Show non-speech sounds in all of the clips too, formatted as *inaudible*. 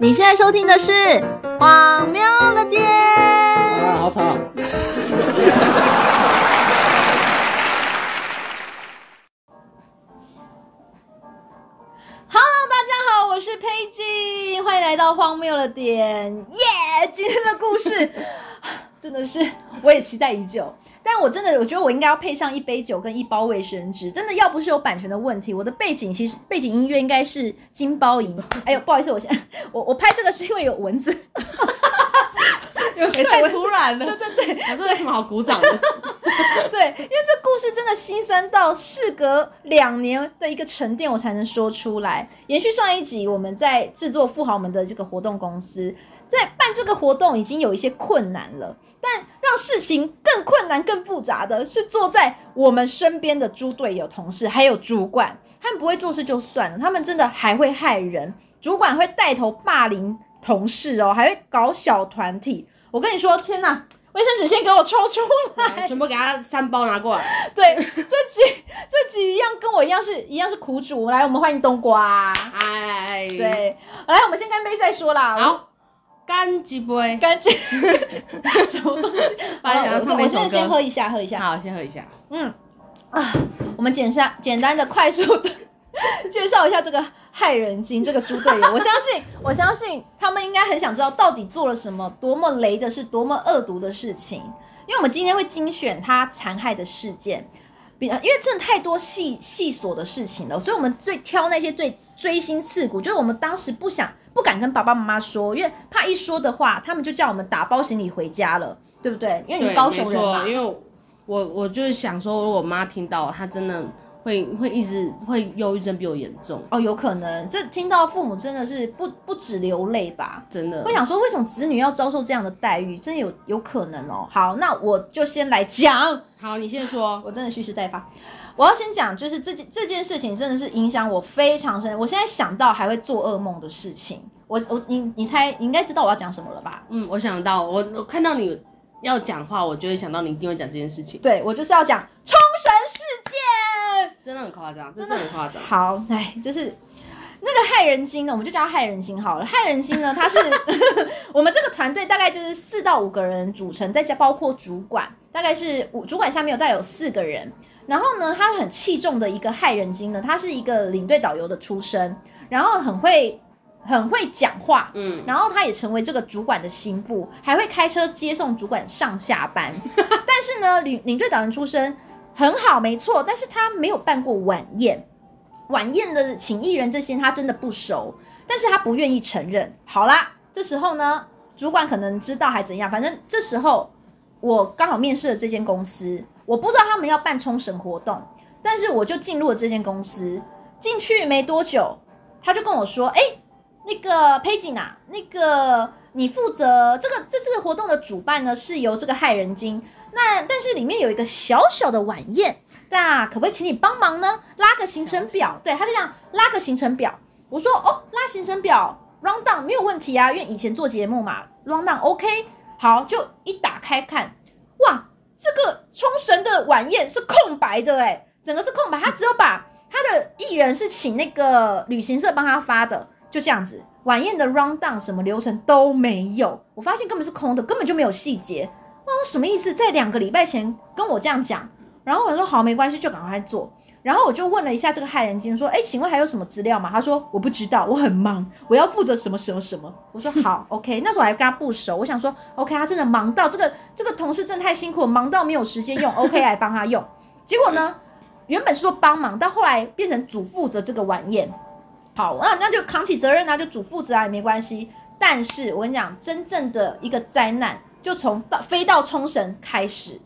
你現在收聽的是《荒謬了點》。啊，好吵！哈嘍，大家好，我是佩吉，歡迎來到《荒謬了點》。耶，今天的故事 *laughs* 真的是我也期待已久。但我真的，我覺得我應該要配上一杯酒跟一包衛生紙。真的，要不是有版權的問題，我的背景其實背景音樂應該是《金包銀》。哎呦，不好意思，我先，我我拍這個是因為有蚊子， *laughs* 太突然了。對對對，我說有什麼好鼓掌的？對，因為這故事真的辛酸到事隔兩年的一個沉澱，我才能說出來。延續上一集，我們在制作富豪們的這個活動公司。在辦這個活動已經有一些困難了，但讓事情更困難、更複雜的是坐在我們身邊的豬隊友同事，還有主管。他們不會做事就算了，他們真的還會害人。主管會帶頭霸凌同事哦，還會搞小團體。我跟你說，天哪！衛生紙先給我抽出來，全部給他三包拿過來。對，這集這集一樣跟我一樣是一樣是苦主。來，我們歡迎咚呱。嗨，對，來，我們先乾杯再說啦。好。乾，一乾幾杯？乾幾？ *laughs* 什麼東西 *laughs* 我？我現在先喝一下，喝一下。好，先喝一下。嗯啊，我們簡下，簡單的、快速的介紹一下這個害人精這個豬隊友。 *laughs* 我相信，我相信他們應該很想知道到底做了什麼，多麼雷的是，是多麼惡毒的事情。因為我們今天會精選他殘害的事件，因為真的太多細細瑣的事情了，所以我們最挑那些最。錐心刺骨，就是我們當時不想、不敢跟爸爸媽媽說，因為怕一說的話，他們就叫我們打包行李回家了，對不對？因為你是高雄人嘛，因為我我就是想說，如果我媽聽到，她真的會會一直會憂鬱症比我嚴重哦，有可能。這聽到父母真的是不不止流淚吧，真的會想說，為什麼子女要遭受這樣的待遇？真的有有可能哦。好，那我就先來講，好，你先說， *laughs* 我真的蓄勢待發。我要先講，就是這件這件事情真的是影響我非常深，我現在想到還會做噩夢的事情。我我你你猜，你應該知道我要講什麼了吧？嗯，我想到我我看到你要講話，我就會想到你一定會講這件事情。對，我就是要講沖繩事件，真的很誇張，真的，真的很誇張。好，哎，就是那個害人精呢，我們就叫他害人精好了。害人精呢，他是 *laughs* *laughs* 我們這個團隊大概就是四到五個人組成，再加包括主管，大概是五主管下面大概有帶有四個人。然後呢，他很器重的一個害人精呢，他是一個領隊導遊的出身，然後很會很會講話，嗯，然後他也成為這個主管的心腹，還會開車接送主管上下班。 *laughs* 但是呢，領領隊導遊出身很好，沒錯，但是他沒有辦過晚宴，晚宴的請藝人這些他真的不熟，但是他不願意承認。好啦，這時候呢，主管可能知道還怎樣，反正這時候我剛好面試了這間公司。我不知道他們要辦沖繩活動，但是我就進入了這間公司。進去沒多久，他就跟我說：“哎、欸，那個佩景啊，那個你負責這個這次的活動的主辦呢，是由這個害人精。那但是裡面有一個小小的晚宴，那可不可以請你幫忙呢？拉個行程表。”對，他就這樣拉個行程表。我說：“哦，拉行程表，rundown 沒有問題啊，因為以前做節目嘛，rundown OK。好，就一打開看，哇。”這個沖繩的晚宴是空白的哎、欸，整個是空白，他只有把他的藝人是請那個旅行社幫他發的，就這樣子。晚宴的 rundown 什麼流程都沒有，我發現根本是空的，根本就沒有細節。我說什麼意思？在兩個禮拜前跟我這樣講，然後我說好，沒關係，就趕快做。然後我就問了一下這個害人精，說：“哎，請問還有什麼資料嗎？”他說：“我不知道，我很忙，我要負責什麼什麼什麼。”我說：“好 *laughs* ，OK。”那時候我還跟他不熟，我想說：“OK，他真的忙到這個這個同事真的太辛苦，忙到沒有時間用，OK 來幫他用。 *laughs* ”結果呢，原本是說幫忙，到後來變成主負責這個晚宴。好，那那就扛起責任啊，就主負責啊也沒關係。但是我跟你講，真正的一個災難就從到飛到沖繩開始，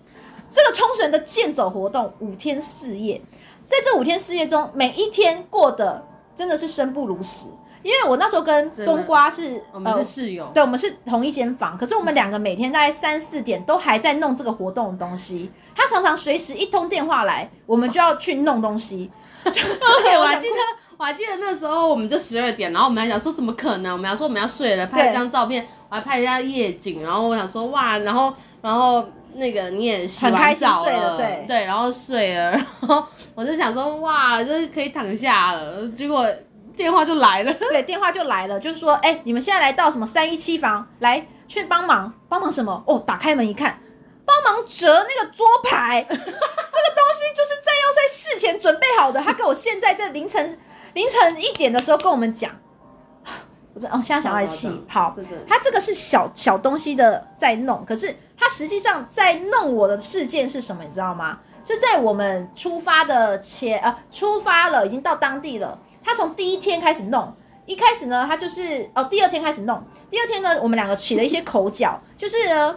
這個沖繩的健走活動五天四夜。在這五天四夜中，每一天過得真的是生不如死。因為我那時候跟冬瓜是，呃、我們是室友，對，我們是同一間房。可是我們兩個每天大概三四點都還在弄這個活動的東西。嗯、他常常隨時一通電話來，我們就要去弄東西。而 *laughs* 且 *laughs* 我還記得，我還記得那時候我們就十二點，然後我們還想說怎麼可能？我們想說我們要睡了，拍一張照片，我還拍一下夜景。然後我想說哇，然後然後。那個你也洗吧，很開心睡了，對，對，然後睡了，然後我就想說，哇，就是可以躺下了，結果電話就來了，對，電話就來了，就是說，哎、欸，你們現在來到什麼三一七房來去幫忙，幫忙什麼？哦，打開門一看，幫忙折那個桌牌， *laughs* 這個東西就是在要在事前準備好的，他給我現在在凌晨 *laughs* 凌晨一點的時候跟我們講。哦，現在想要來氣，好，好，他這個是小小東西的在弄，可是他實際上在弄我的事件是什麼，你知道嗎？是在我們出發的前，呃，出發了，已經到當地了。他從第一天開始弄，一開始呢，他就是哦，第二天開始弄，第二天呢，我們兩個起了一些口角， *laughs* 就是呢，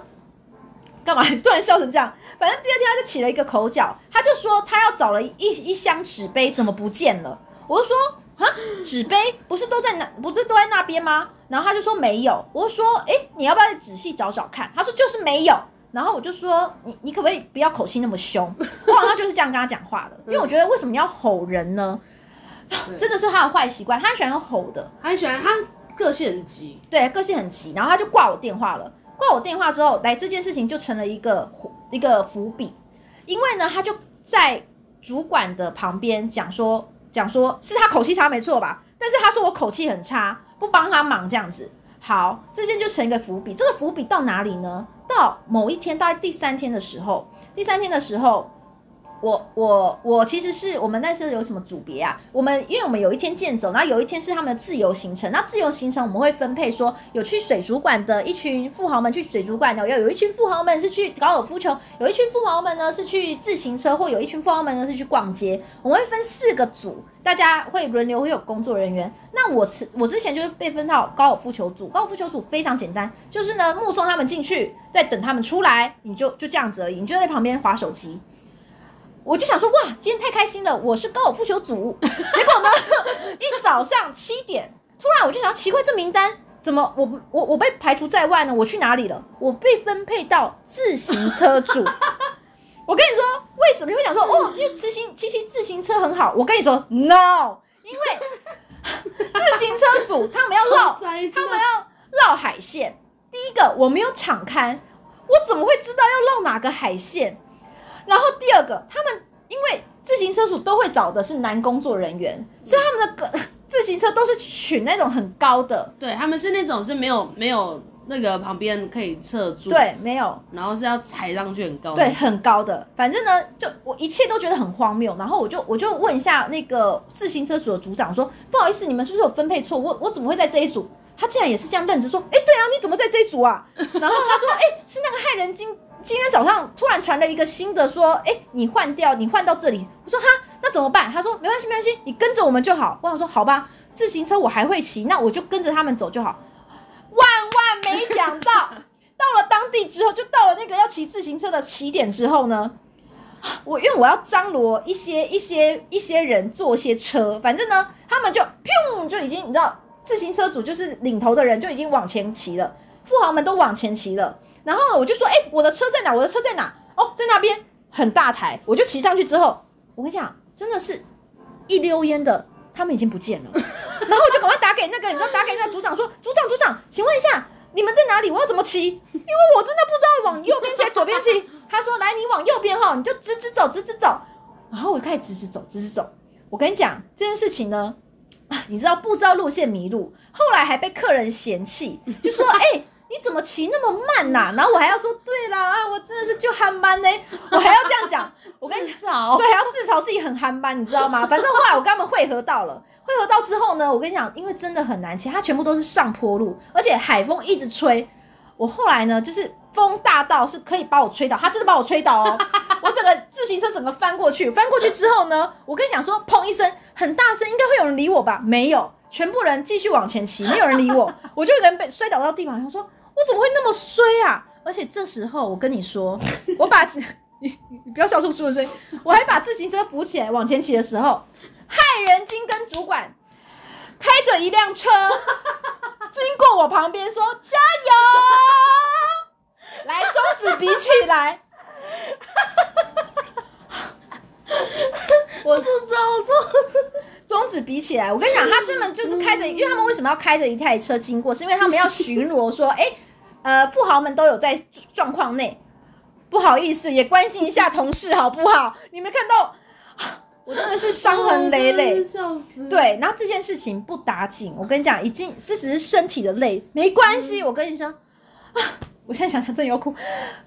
幹嘛突然笑成這樣？反正第二天他就起了一個口角，他就說他要找了一一箱紙杯，怎麼不見了？我就說。啊，紙杯不是都在那，不是都在那邊嗎？然後他就說沒有。我說，哎、欸，你要不要仔細找找看？他說就是沒有。然後我就說，你你可不可以不要口氣那麼凶？我好像就是這樣跟他講話的，因為我覺得為什麼你要吼人呢？ *laughs* 真的是他的壞習慣，他很喜歡吼的，他很喜歡他個性很急，對，個性很急。然後他就掛我電話了，掛我電話之後，來這件事情就成了一個一個伏筆，因為呢，他就在主管的旁邊講說。講說是他口氣差沒錯吧，但是他說我口氣很差，不幫他忙這樣子。好，這件就成一個伏筆。這個伏筆到哪裡呢？到某一天，大概第三天的時候，第三天的時候。我我我其實是我們那時候有什麼組別啊？我們因為我們有一天健走，那有一天是他們的自由行程。那自由行程我們會分配說，有去水族館的一群富豪們去水族館的，有一群富豪們是去高爾夫球，有一群富豪們呢是去自行車，或有一群富豪們呢是去逛街。我們會分四個組，大家會輪流會有工作人員。那我是我之前就是被分到高爾夫球組，高爾夫球組非常簡單，就是呢目送他們進去，再等他們出來，你就就這樣子而已，你就在旁邊滑手機。我就想說，哇，今天太開心了！我是高爾夫球組，結果呢， *laughs* 一早上七點，突然我就想奇怪，這名單怎麼我我我被排除在外呢？我去哪裡了？我被分配到自行車組。 *laughs* 我跟你說，為什麼？你會想說，哦，因為騎行騎騎自行車很好。我跟你說，no，因為自行車組他們要繞他們要繞海線。第一個我沒有場勘，我怎麼會知道要繞哪個海線？然後第二個，他們因為自行車組都會找的是男工作人員，嗯、所以他們的個自行車都是取那種很高的。對，他們是那種是沒有沒有那個旁邊可以撤住，對，沒有。然後是要踩上去很高。對，很高的。反正呢，就我一切都覺得很荒謬。然後我就我就問一下那個自行車組的組長說，說不好意思，你們是不是有分配錯？我我怎麼會在這一組？他竟然也是這樣認知，說，哎、欸，對啊，你怎麼在這一組啊？然後他說，哎、 *laughs* 欸，是那個害人精。今天早上突然傳了一個新的，說，哎、欸，你換掉，你換到這裡。我說哈，那怎麼辦？他說沒關係，沒關係，你跟着我們就好。我想說好吧，自行車我還會騎，那我就跟着他們走就好。萬萬沒想到， *laughs* 到了當地之後，就到了那個要騎自行車的起點之後呢，我因為我要張羅一些一些一些人坐一些車，反正呢，他們就砰就已經你知道，自行車主就是領頭的人就已經往前騎了，富豪們都往前騎了。然後我就說：“哎、欸，我的車在哪？我的車在哪？哦，在那邊很大台。我就騎上去之後，我跟你講，真的是，一溜煙的，他們已經不見了。 *laughs* 然後我就趕快打給那個，你知道，打給那個組長說： *laughs* 組長，組長，請問一下，你們在哪裡？我要怎麼騎？因為我真的不知道往右邊騎， *laughs* 左邊騎。他說：來，你往右邊哈，你就直直走，直直走。然後我就開始直直走，直直走。我跟你講這件事情呢、啊，你知道不知道路線迷路，後來還被客人嫌棄，就說：哎、欸。 *laughs* ”你怎麼騎那麼慢吶、啊？然後我還要說，對啦，啊，我真的是就憨慢呢，我還要這樣講，我跟你講，自嘲，對，還要自嘲自己很憨慢，你知道嗎？反正後來我跟他們匯合到了，匯合到之後呢，我跟你講，因為真的很難騎，它全部都是上坡路，而且海風一直吹。我後來呢，就是風大到是可以把我吹倒，他真的把我吹倒哦，我整個自行車整個翻過去，翻過去之後呢，我跟你講說，砰一聲很大聲，應該會有人理我吧？沒有，全部人繼續往前騎，沒有人理我，我就有人被摔倒到地板上，我說。我怎麼會那麼衰啊！而且這時候我跟你說，我把 *laughs* 你你不要笑出豬的聲音， *laughs* 我還把自行車扶起來往前騎的時候，害人精跟主管開着一輛車 *laughs* 經過我旁邊說加油， *laughs* 來中指比起來， *laughs* 我是中風， *laughs* 中指比起來，我跟你講，他這麼就是開着、嗯，因為他們為什麼要開着一台車經過？是因為他們要巡邏，說 *laughs* 哎、欸。呃，富豪們都有在狀況內，不好意思，也關心一下同事好不好？ *laughs* 你沒看到，啊，我真的是傷痕累累，啊，對，然後這件事情不打緊，我跟你講，已經這只是身體的累，沒關係，嗯。我跟你說，啊，我現在想想真要哭。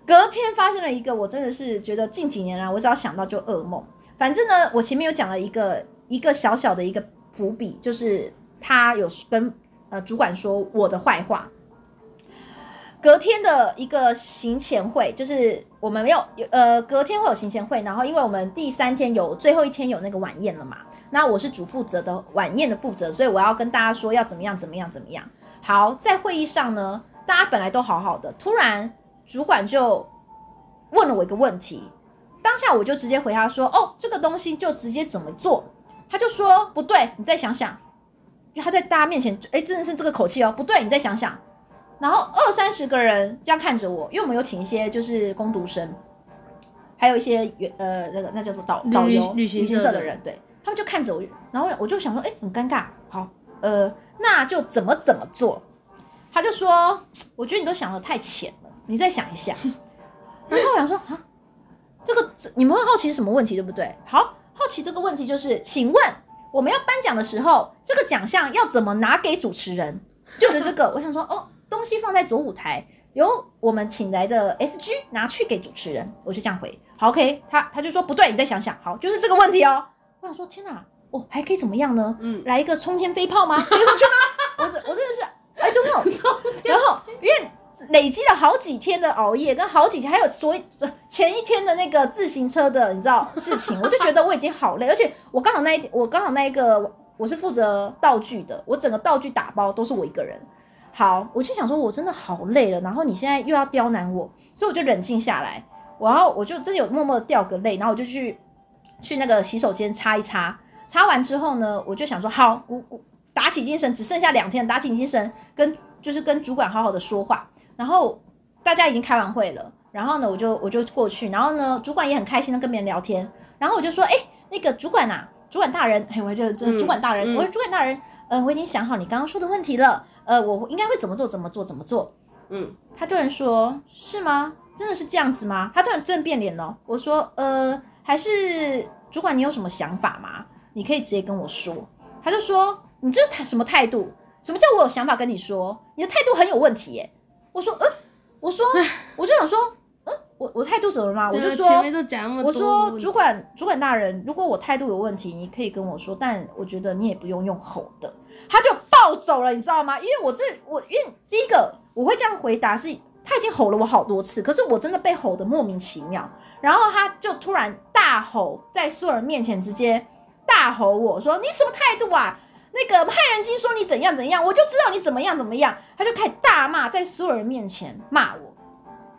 隔天發生了一個，我真的是覺得近幾年來，啊，我只要想到就噩夢。反正呢，我前面有講了一個一個小小的一個伏筆，就是他有跟呃主管說我的壞話。隔天的一個行前會，就是我們沒有，有呃隔天會有行前會，然後因為我們第三天有最後一天有那個晚宴了嘛，那我是主負責的晚宴的負責，所以我要跟大家說要怎麼樣怎麼樣怎麼樣。好，在會議上呢，大家本來都好好的，突然主管就問了我一個問題，當下我就直接回他說：“哦，這個東西就直接怎麼做？”他就說：“不對，你再想想。”就他在大家面前，哎，真的是這個口氣哦，不對，你再想想。然後二三十個人這樣看着我，因為我們有請一些就是工讀生，還有一些呃那個那叫做導導遊旅，旅行社的人，對，對，他們就看着我，然後我就想說，哎、欸，很尷尬，好，呃，那就怎麼怎麼做？他就說，我覺得你都想得太淺了，你再想一下。然後我想說，啊， *laughs* 這個你們會好奇什麼問題對不對？好，好奇這個問題就是，請問我們要頒獎的時候，這個獎項要怎麼拿給主持人？就是這個， *laughs* 我想說，哦。東西放在左舞台，由我們請來的 SG 拿去給主持人，我就這樣回。好，OK，他他就說不對，你再想想。好，就是這個問題哦。我想說，天哪、啊，我、哦、還可以怎麼樣呢？嗯，來一個沖天飛炮嗎？飛上去？我 *laughs* 我，我真的是哎，都沒有。 *laughs* 然後因為累積了好幾天的熬夜，跟好幾天，還有所謂前一天的那個自行車的，你知道事情，我就覺得我已經好累， *laughs* 而且我剛好那一我剛好那一個我，我是負責道具的，我整個道具打包都是我一個人。好，我就想說，我真的好累了，然後你現在又要刁難我，所以我就冷靜下來，然後我就真的有默默掉個淚，然後我就去去那個洗手間擦一擦，擦完之後呢，我就想說，好鼓鼓，打起精神，只剩下兩天，打起精神跟就是跟主管好好的說話，然後大家已經開完會了，然後呢，我就我就過去，然後呢，主管也很開心的跟別人聊天，然後我就說，哎、欸，那個主管啊，主管大人，哎、欸，我就，嗯、我覺得主管大人，嗯、我說主管大人。呃，我已經想好你剛剛說的問題了。呃，我應該會怎麼做？怎麼做？怎麼做？嗯，他突然說，是嗎？真的是這樣子嗎？他突然真變臉了。我說，呃，還是主管，你有什麼想法嗎？你可以直接跟我說。他就說，你這是什麼態度？什麼叫我有想法跟你說？你的態度很有問題耶。我說，呃，我說，我就想說。我態度怎麼了？我就說，我說主管，主管大人，如果我態度有問題，你可以跟我說，但我覺得你也不用用吼的。他就暴走了，你知道嗎？因為我這，我因為第一個我會這樣回答是，是他已經吼了我好多次，可是我真的被吼的莫名其妙。然後他就突然大吼，在所有人面前直接大吼，我說你什麼態度啊？那個害人精說你怎樣怎樣，我就知道你怎麼樣怎麼樣。他就開始大罵，在所有人面前罵我。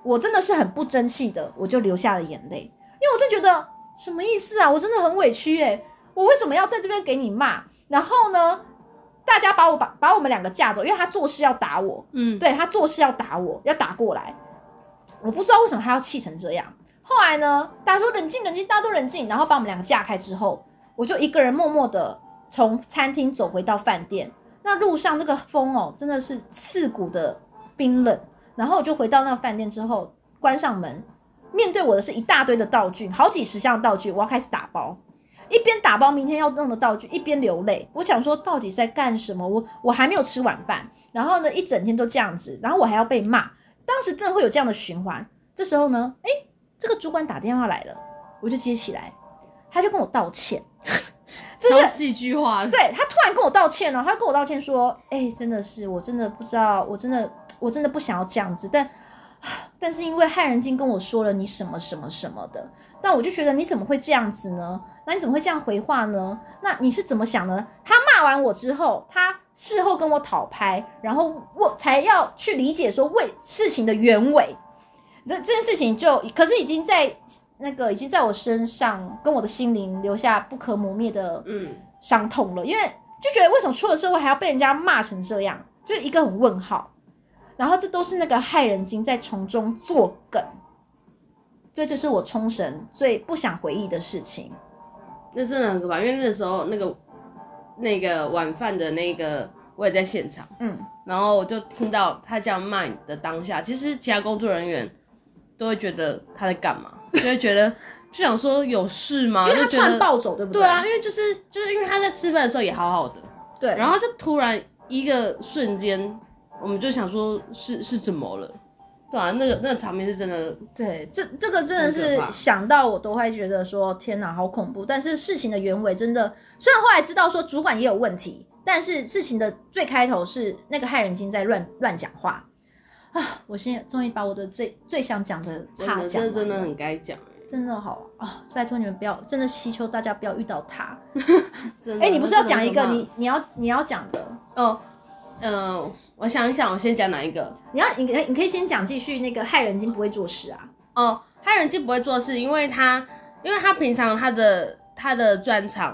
我真的是很不爭氣的，我就流下了眼淚，因為我真覺得什麼意思啊？我真的很委屈欸，我為什麼要在這邊給你罵？然後呢，大家把我把把我們兩個架走，因為他作勢要打我，嗯，對他作勢要打我，要打過來，我不知道為什麼他要氣成這樣。後來呢，大家說冷靜冷靜，大家都冷靜，然後把我們兩個架開之後，我就一個人默默的從餐廳走回到飯店。那路上那個風哦，真的是刺骨的冰冷。然後我就回到那飯店之後，關上門，面對我的是一大堆的道具，好幾十箱道具，我要開始打包，一邊打包明天要用的道具，一邊流淚。我想說，到底在幹什麼？我我還沒有吃晚飯，然後呢，一整天都這樣子，然後我還要被罵，當時真的會有這樣的循環。這時候呢，誒，這個主管打電話來了，我就接起來，他就跟我道歉，真的戲劇化。對，他突然跟我道歉了哦，他跟我道歉說，誒，真的是，我真的不知道，我真的。我真的不想要這樣子，但，但是因為害人精跟我說了你什麼什麼什麼的，那我就覺得你怎麼會這樣子呢？那你怎麼會這樣回話呢？那你是怎麼想的？他罵完我之後，他事後跟我討拍，然後我才要去理解說為事情的原委。這這件事情就可是已經在那個已經在我身上跟我的心靈留下不可磨滅的嗯傷痛了，嗯，因為就覺得為什麼出了社會還要被人家罵成這樣，就是一個很問號。然後這都是那個害人精在從中作梗，這就是我沖繩最不想回憶的事情，那是那個吧，因為那時候那個那個晚飯的那個我也在現場，嗯，然後我就聽到他這樣罵的當下，其實其他工作人員都會覺得他在幹嘛，就會覺得 *laughs* 就想說有事嗎？因為他突然暴走，對不對？對啊，因為就是就是因為他在吃飯的時候也好好的，對，然後就突然一個瞬間。我們就想說是，是是怎麼了，對啊。那個那個場面是真的，對，這這個真的是想到我都會覺得說，天哪，好恐怖！但是事情的原委真的，雖然後來知道說主管也有問題，但是事情的最開頭是那個害人精在亂亂講話啊！我現在終於把我的最最想講的怕講真的這真的很該講，真的好啊、呃！拜託你們不要，真的希求大家不要遇到他。哎、欸，你不是要講一個你你要你要講的哦。嗯嗯、呃，我想一想，我先講哪一個？你要你你可以先講，繼續那個害人精不會做事啊？哦，害人精不會做事，因為他因為他平常他的他的專長，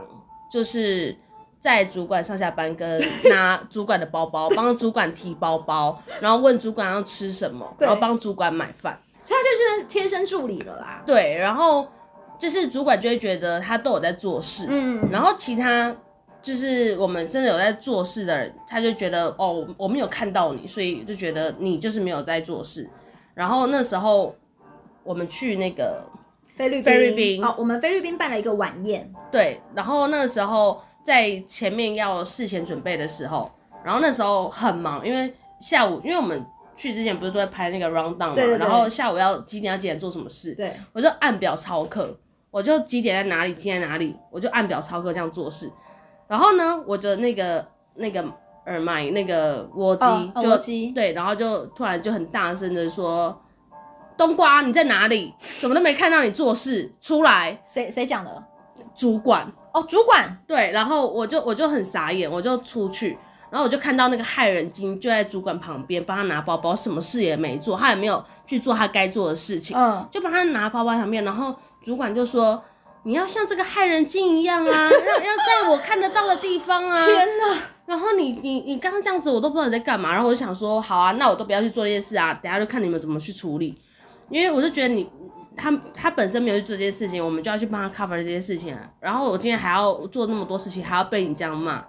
就是在主管上下班跟拿主管的包包，幫 *laughs* 主管提包包，然後問主管要吃什麼，然後幫主管買飯，他就是天生助理的啦。對，然後就是主管就會覺得他都有在做事，嗯，然後其他。就是我們真的有在做事的人，他就覺得哦，我們有看到你，所以就覺得你就是沒有在做事。然後那時候我們去那個菲律賓，菲律賓哦，我們菲律賓辦了一個晚宴。對。然後那時候在前面要事前準備的時候，然後那時候很忙，因為下午因為我們去之前不是都在拍那個 rundown 嗎？對，對，對。然後下午要幾點？要幾點要做什麼事？對。我就按表操課，我就幾點在哪裡，幾點哪裡，我就按表操課這樣做事。然後呢，我的那個那個耳麥那個窩機、哦、就、嗯、對，然後就突然就很大聲的說，冬瓜你在哪裡？怎麼都沒看到你做事，出來？誰誰講的？主管哦，主管對，然後我就我就很傻眼，我就出去，然後我就看到那個害人精就在主管旁邊幫他拿包包，什麼事也沒做，他也沒有去做他該做的事情，嗯，就幫他拿包包旁邊，然後主管就說。你要像這個害人精一樣啊，要 *laughs* 要在我看得到的地方啊！天吶，然後你你你剛剛這樣子，我都不知道你在幹嘛。然後我就想說，好啊，那我都不要去做這件事啊。等下就看你們怎麼去處理，因為我就覺得你他他本身沒有去做這件事情，我們就要去幫他 cover 這些事情了。然後我今天還要做那麼多事情，還要被你這樣罵。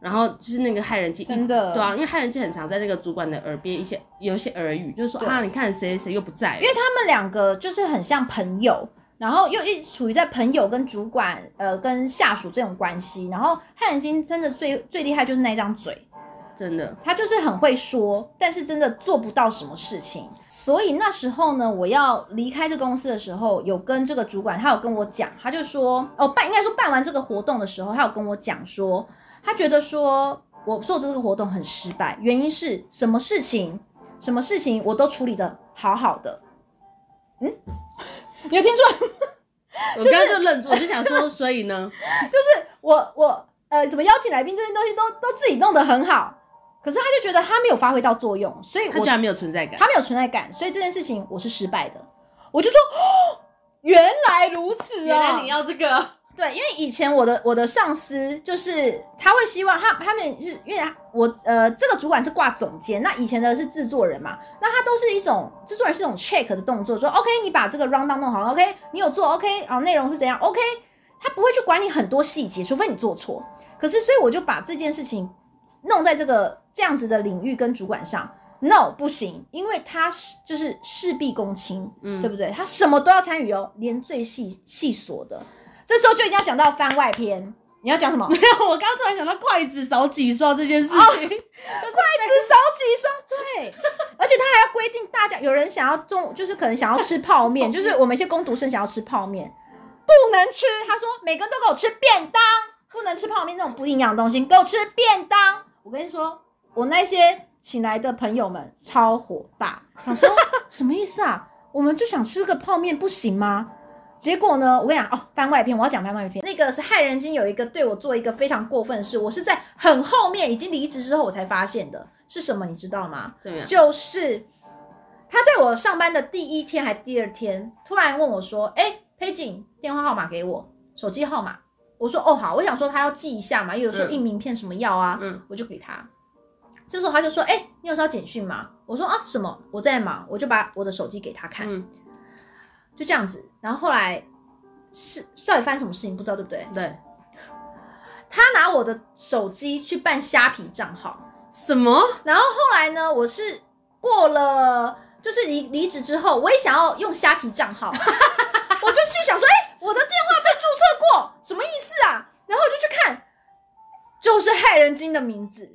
然後就是那個害人精，真的。對啊，因為害人精很常在那個主管的耳邊一些有一些耳語，就是說啊，你看誰誰又不在。因為他們兩個就是很像朋友。然後又一直處於在朋友跟主管，呃，跟下屬這種關係。然後人心真的最最厲害就是那一張嘴，真的，他就是很會說，但是真的做不到什麼事情。所以那時候呢，我要離開這個公司的時候，有跟這個主管，他有跟我講，他就說，哦辦，應該說辦完這個活動的時候，他有跟我講說，他覺得說我做這個活動很失敗，原因是什麼事情，什麼事情我都處理得好好的，嗯。你有聽出來？我剛剛就愣住，就是，我就想說，所以呢， *laughs* 就是我我呃，什麼邀請來賓這些東西都都自己弄得很好，可是他就覺得他沒有發揮到作用，所以我居然沒有存在感，他沒有存在感，所以這件事情我是失敗的。我就說，哦、原來如此啊、哦！原來你要這個。對，因為以前我的我的上司就是他會希望他他們是因為我呃這個主管是掛總監，那以前的是制作人嘛，那他都是一種制作人是一種 check 的動作，說 OK 你把這個 rundown 弄好，OK 你有做 OK 啊內容是怎樣 OK，他不會去管你很多細節，除非你做錯。可是所以我就把這件事情弄在這個這樣子的領域跟主管上，no 不行，因為他是就是事必躬親，嗯，對不對？他什麼都要參與哦，連最細細瑣的。這時候就一定要講到番外篇，你要講什麼？ *laughs* 沒有，我剛剛突然想到筷子少幾雙這件事情。Oh, *laughs* 筷子少幾雙，對。 *laughs* 而且他還要規定大家，有人想要中，就是可能想要吃泡麵， *laughs* 就是我們一些工讀生想要吃泡麵， *laughs* 不能吃。他說每個人都給我吃便當，不能吃泡麵那種不營養的東西，給我吃便當。我跟你說，我那些請來的朋友們超火大，他說 *laughs* 什麼意思啊？我們就想吃個泡麵，不行嗎？結果呢？我跟你講哦，番外篇，我要講番外篇。那個是害人精，有一個對我做一個非常過分的事，我是在很後面已經離職之後我才發現的。是什麼？你知道嗎？對啊、就是他在我上班的第一天還第二天，突然問我說：“哎、欸，佩錦，電話號碼給我，手機號碼。”我說：“哦，好。”我想說他要記一下嘛，又有時候印名片什麼要啊，嗯，我就給他。嗯、這時候他就說：“哎、欸，你有收到簡訊嗎？”我說：“啊，什麼？我在忙。”我就把我的手機給他看，嗯。就這樣子，然後後來是到底發生什麼事情，不知道對不對？對，他拿我的手機去辦蝦皮賬號，什麼？然後後來呢？我是過了，就是離離職之後，我也想要用蝦皮賬號， *laughs* 我就去想說，誒、欸，我的電話被註冊過，什麼意思啊？然後我就去看，就是害人精的名字。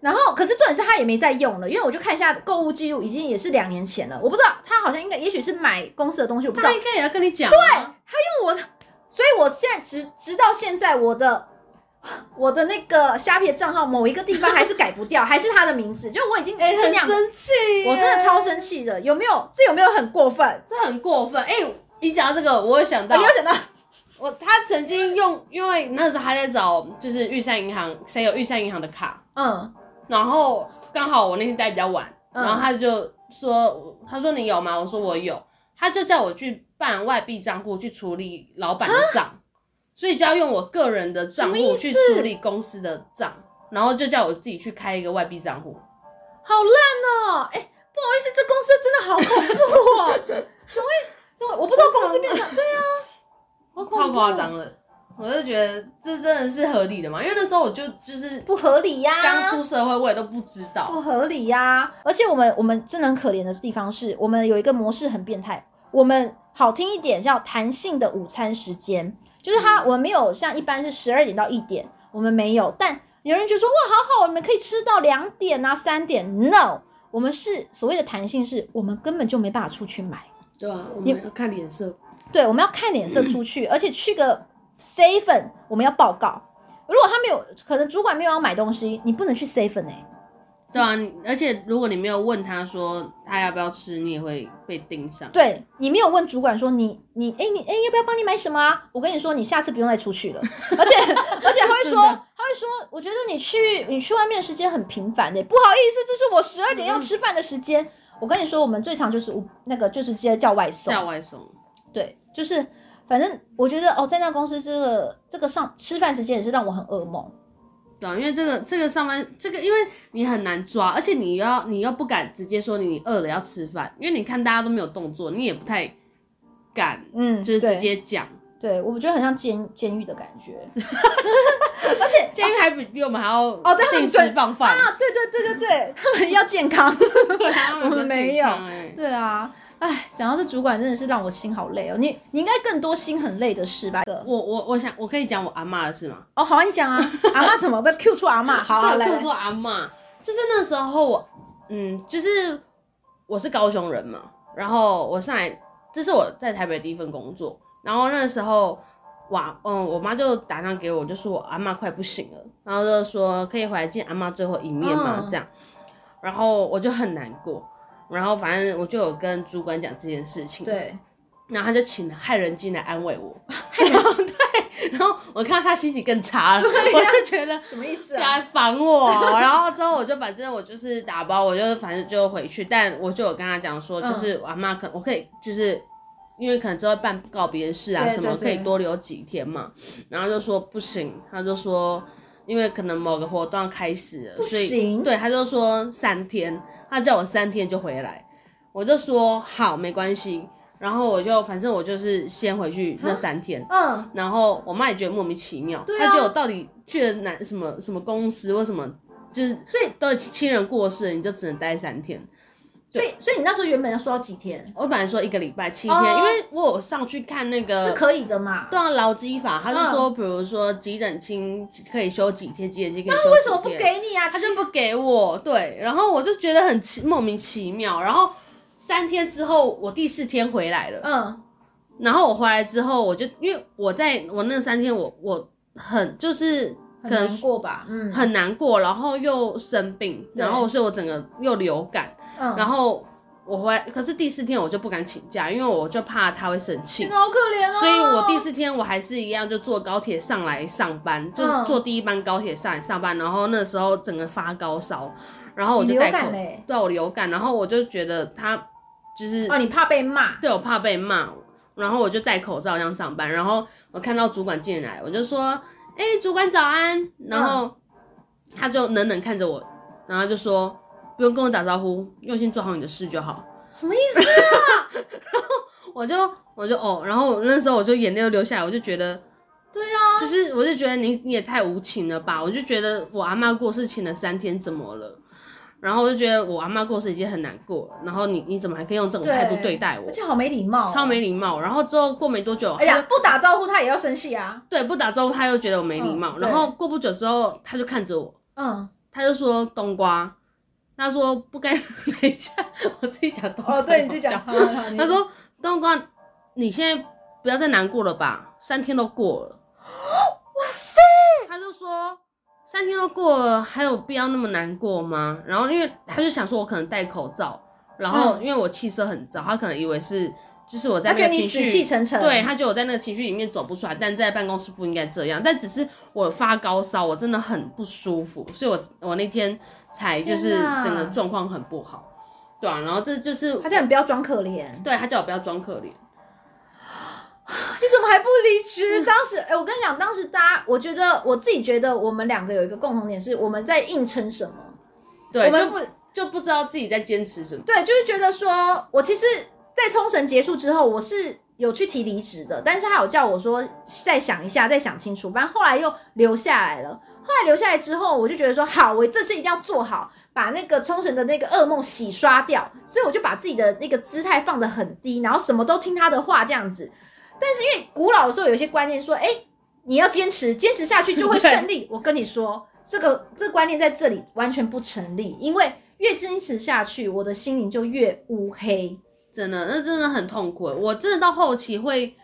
然後，可是這也是他也沒再用了，因為我就看一下購物記錄，已經也是兩年前了。我不知道他好像應該，也許是買公司的東西，我不知道。他應該也要跟你講。對，他用我的，所以我現在直直到現在，我的我的那個蝦皮賬號某一個地方還是改不掉， *laughs* 還是他的名字。就我已經哎、欸，很生氣，我真的超生氣的。有沒有？這有沒有很過分？這很過分。哎、欸，你講到這個，我有想到，我、欸、有想到， *laughs* 我他曾經用，因為那時候還在找，就是玉山銀行誰有玉山銀行的卡，嗯。然後剛好我那天待比較晚、嗯，然後他就說：“他說你有嗎？”我說：“我有。”他就叫我去辦外幣賬戶去處理老闆的賬，所以就要用我個人的賬戶去處理公司的賬，然後就叫我自己去開一個外幣賬戶。好爛哦！哎，不好意思，這公司真的好恐怖啊、哦！ *laughs* 怎麼會？怎麼，我不知道公司變成，對啊，超誇張的。我就覺得這真的是合理的嘛？因為那時候我就就是不合理呀、啊。剛出社會，我也都不知道不合理呀、啊。而且我們我們真的很可憐的地方是，我們有一個模式很變態。我們好聽一點叫“彈性的午餐時間”，就是它，我們沒有像一般是十二點到一點，我們沒有。但有人覺得說哇，好好，你們可以吃到兩點啊、三點。No，我們是所謂的彈性是，是我們根本就沒辦法出去買。對啊，我們要看臉色。對，我們要看臉色出去，而且去個。Seven，我們要報告。如果他沒有，可能主管沒有要買東西，你不能去 Seven 哎。對啊，而且如果你沒有問他說他要不要吃，你也會被盯上。對，你沒有問主管說你你哎你哎、欸欸欸、要不要幫你買什麼啊？我跟你說，你下次不用再出去了。 *laughs* 而且而且他會說他會說，我覺得你去你去外面的時間很頻繁哎、欸，不好意思，這是我十二點要吃飯的時間、嗯。我跟你說，我們最常就是那個就是直接叫外送。叫外送。對，就是。反正我覺得哦，在那公司這個這個上吃飯時間也是讓我很噩夢，對、哦、因為這個這個上班這個，因為你很難抓，而且你要你又不敢直接說你餓了要吃飯，因為你看大家都沒有動作，你也不太敢，嗯，就是直接講、嗯。對，我覺得很像監監獄的感覺，而且監獄還比 *laughs* 比我們還要哦，對，定時放飯啊，對對對對對， *laughs* 他們要健康， *laughs* 們健康欸、我們沒有，對啊。哎，講到這主管真的是讓我心好累哦、喔。你你應該更多心很累的事吧？我我我想我可以講我阿嬤的事嗎？哦，好、啊，你講啊。 *laughs* 阿嬤怎麼？被 cue 出阿嬤。好、啊，來。cue 出阿嬤。就是那時候我，嗯，就是我是高雄人嘛，然後我上來，這是我在台北第一份工作。然後那時候哇，嗯，我媽就打電話給我，就說我阿嬤快不行了，然後就說可以回來見阿嬤最後一面嘛、嗯，這樣。然後我就很難過。然後反正我就有跟主管講這件事情，對，然後他就請了害人精來安慰我，害人精對，然後我看到他心情更差了，我就覺得什麼意思？啊？來煩我。然後之後我就反正我就是打包，我就反正就回去， *laughs* 但我就有跟他講說，就是我阿嬤可我可以，就是因為可能之後辦告別式啊什麼，對對對對可以多留幾天嘛，然後就說不行，他就說因為可能某個活動要開始了，不行，所以對，他就說三天。他叫我三天就回來，我就說好，沒關係。然後我就反正我就是先回去那三天，嗯。然後我媽也覺得莫名其妙，啊、她覺得我到底去了哪什麼什麼公司？為什麼就是最，都是親人過世了，你就只能待三天？所以，所以你那時候原本要休到幾天？我本來說一個禮拜七天，oh, 因為我有上去看那個是可以的嘛。對啊，勞基法他就說，比如說急診清可以休幾天，嗯、幾診幾那為什麼不給你啊？他就不給我。對，然後我就覺得很奇，莫名其妙。然後三天之後，我第四天回來了。嗯。然後我回來之後，我就因為我在我那三天我，我我很就是很難，很難過吧，嗯，很難過，然後又生病，然後所以我整個又流感。嗯、然後我回來。可是第四天我就不敢請假，因為我就怕他會生氣，好可憐哦、啊。所以，我第四天我還是一樣，就坐高鐵上來上班，嗯、就是坐第一班高鐵上來上班。然後那時候整個發高燒，然後我就戴口罩，對，我流感，然後我就覺得他就是哦、啊，你怕被罵，對我怕被罵，然後我就戴口罩這樣上班。然後我看到主管進來，我就說，哎，主管早安。然後他就冷冷看着我，然後就說。不用跟我打招呼，用心做好你的事就好。什麼意思啊？ *laughs* 然後我就我就哦，然後那時候我就眼淚又流下來，我就覺得，對啊，就是我就覺得你你也太無情了吧？我就覺得我阿嬤過世請了三天，怎麼了？然後我就覺得我阿嬤過世已經很難過，然後你你怎麼還可以用這種態度對待我？而且好沒禮貌、哦，超沒禮貌。然後之後過沒多久，哎呀，不打招呼他也要生氣啊？對，不打招呼他又覺得我沒禮貌、哦。然後過不久之後，他就看着我，嗯，他就說冬瓜。他說不該：“不該等一下，我自己講。哦、oh,，對，你自己講。他說：‘咚呱，你現在不要再難過了吧？三天都過了，哇塞！’他就說：‘三天都過了，還有必要那麼難過嗎？’然後，因為他就想說我可能戴口罩，然後因為我氣色很糟，他可能以為是就是我在那個情緒，對，他覺得我在那個情緒裡面走不出來，但在辦公室不應該這樣。但只是我發高燒，我真的很不舒服，所以我我那天。”才就是真的狀況很不好，啊、對、啊、然後這就是他叫你不要裝可憐，對他叫我不要裝可憐。你怎麼還不離職？嗯、當時哎、欸，我跟你講，當時大家，我覺得我自己覺得我們兩個有一個共同點是我們在硬撐什麼，對，我們不就，就不知道自己在堅持什麼？對，就是覺得說我其實，在沖繩結束之後，我是有去提離職的，但是他有叫我說再想一下，再想清楚，反正後來又留下來了。後來留下來之後，我就覺得說好，我這次一定要做好，把那個沖繩的那個噩夢洗刷掉。所以我就把自己的那個姿態放得很低，然後什麼都聽他的話這樣子。但是因為古老的時候有一些觀念說，哎、欸，你要堅持，堅持下去就會勝利。我跟你說，這個這個觀念在這裡完全不成立，因為越堅持下去，我的心靈就越烏黑，真的，那真的很痛苦。我真的到後期會，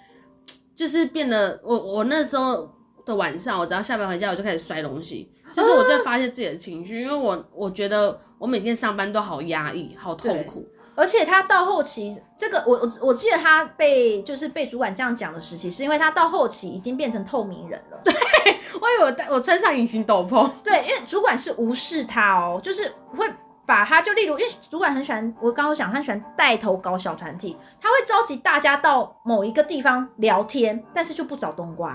就是變得我我那時候。的晚上，我只要下班回家，我就開始摔東西，就是我在發洩自己的情緒，啊，因為我我覺得我每天上班都好壓抑，好痛苦。而且他到後期，這個我我我記得他被就是被主管這樣講的時期，是因為他到後期已經變成透明人了。對，我以為我我穿上隱形斗篷。對，因為主管是無視他哦，就是會把他就例如，因為主管很喜歡，我剛剛講他很喜歡帶頭搞小團體，他會召集大家到某一個地方聊天，但是就不找咚呱。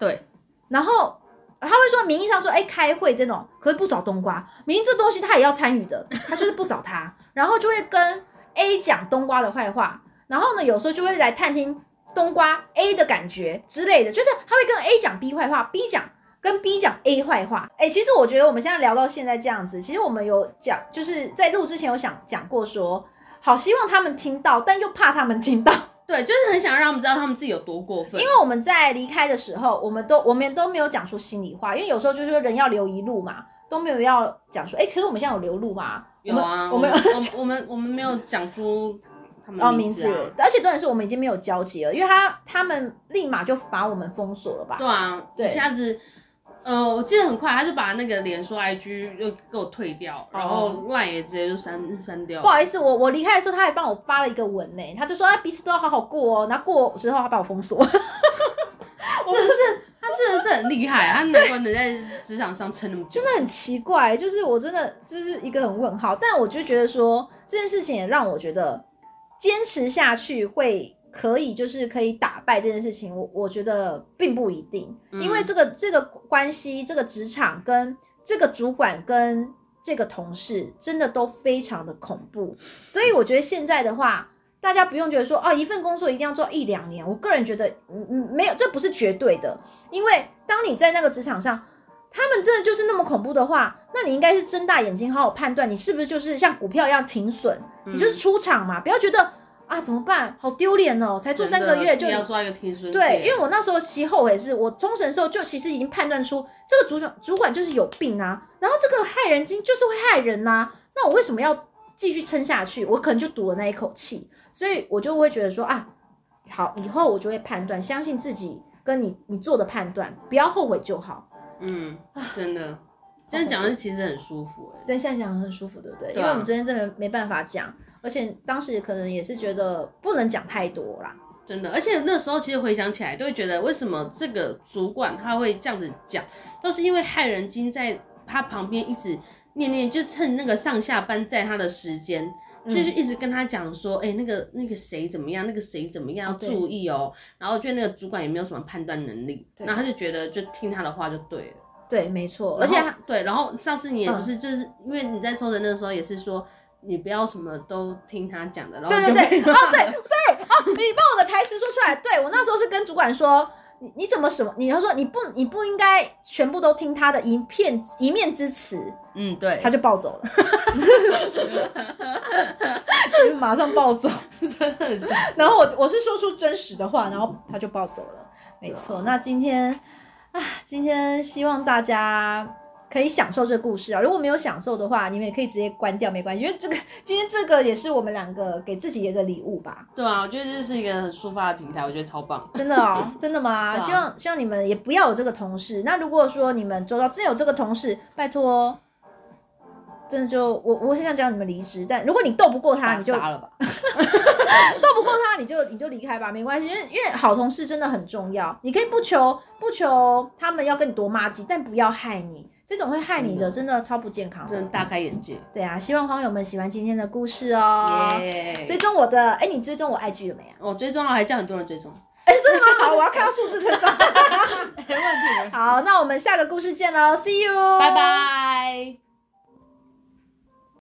對。然後他會說，名義上說，哎，開會這種可以不找咚呱，明明這東西他也要參與的，他就是不找他，然後就會跟 A 講咚呱的壞話，然後呢，有時候就會來探聽咚呱 A 的感覺之類的，就是他會跟 A 講 B 壞話，B 講跟 B 講 A 壞話，哎，其實我覺得我們現在聊到現在這樣子，其實我們有講，就是在錄之前有想講過說，說好希望他們聽到，但又怕他們聽到。對，就是很想讓他們知道他們自己有多過分。因為我們在離開的時候，我們都我們都沒有講出心裡話，因為有時候就是說人要留一路嘛，都沒有要講說，哎、欸，可是我們現在有留路嗎？有啊，我們我們，我們，我，們， *laughs* 我，們，我，們我們沒有講出他們名字啊、啊哦名字，而且重點是我們已經沒有交集了，因為他他們立馬就把我們封鎖了吧？對啊，對。一下子。呃，我記得很快，他就把那個臉書 I G 又給我退掉、哦，然後 LINE 也直接就刪刪掉。不好意思，我我離開的時候，他還幫我發了一個文呢、欸，他就說啊，彼此都要好好過哦。然後過之後，他把我封鎖。哈哈哈。是不是，他真的是很厲害，他難怪能在職場上撐那麼久。真的很奇怪，就是我真的就是一個很問號，但我就覺得說這件事情也讓我覺得堅持下去會。可以，就是可以打敗這件事情，我我覺得並不一定，嗯、因為這個這個關係、這個職場跟這個主管跟這個同事真的都非常的恐怖，所以我覺得現在的話，大家不用覺得說哦，一份工作一定要做一兩年，我個人覺得嗯嗯沒有，這不是絕對的，因為當你在那個職場上，他們真的就是那麼恐怖的話，那你應該是睜大眼睛好好判斷，你是不是就是像股票一樣停損，你就是出場嘛，嗯、不要覺得。啊，怎麼辦？好丟臉哦！才做三個月就要抓一個替身。對，因為我那時候其後悔是，是我衝神的時候就其實已經判斷出這個主管主管就是有病啊，然後這個害人精就是會害人啊，那我為什麼要繼續撐下去？我可能就賭了那一口氣，所以我就會覺得說啊，好，以後我就會判斷，相信自己跟你你做的判斷，不要後悔就好。嗯，真的，真的講的其實很舒服真、欸、在、okay. 現在講很舒服，對不對？對啊、因為我們真的真的沒辦法講。而且當時可能也是覺得不能講太多啦，真的。而且那時候其實回想起來，都會覺得為什麼這個主管他會這樣子講？都是因為害人精在他旁邊一直念念，就趁那個上下班在他的時間，就，就一直跟他講說，哎、嗯欸，那個那個誰怎麼樣，那個誰怎麼樣，要注意哦。然後覺得那個主管也沒有什麼判斷能力，然後他就覺得就聽他的話就對了。對，沒錯。而且他對，然後上次你也不是就是、嗯、因為你在抽的那個時候也是說。你不要什麼都聽他講的。然後對對對，哦對對 *laughs* 哦，你把我的台詞說出來。對，我那時候是跟主管說，你你怎麼什麼？你要說你不你不應該全部都聽他的一片一面之詞。嗯，對，他就暴走了。 *laughs* *laughs* *laughs* 馬上暴走，真的是。然後我我是說出真實的話，然後他就暴走了，沒錯、嗯。那今天啊，今天希望大家可以享受這個故事啊！如果沒有享受的話，你們也可以直接關掉，沒關係。因為這個今天這個也是我們兩個給自己一個禮物吧？對啊，我覺得這是一個很抒發的平台，我覺得超棒， *laughs* 真的哦，真的嗎？啊、希望希望你們也不要有這個同事。那如果說你們周遭真有這個同事，拜託，真的就我我現在叫你們離職。但如果你鬥不過他，你就殺了吧。鬥 *laughs* *laughs* 不過他，你就你就離開吧，沒關係。因為好同事真的很重要，你可以不求不求他們要跟你多麻吉，但不要害你。這種會害你的，真的超不健康。真的大開眼界。對啊，希望朋友們喜歡今天的故事哦、喔 yeah。追蹤我的，哎、欸，你追蹤我 IG 有沒有？我追蹤了，還叫很多人追蹤。哎、欸，真的嗎？ *laughs* 好，我要看到數字成長。沒問題。好，那我們下個故事見嘍 *laughs* ，See you，拜拜。Bye bye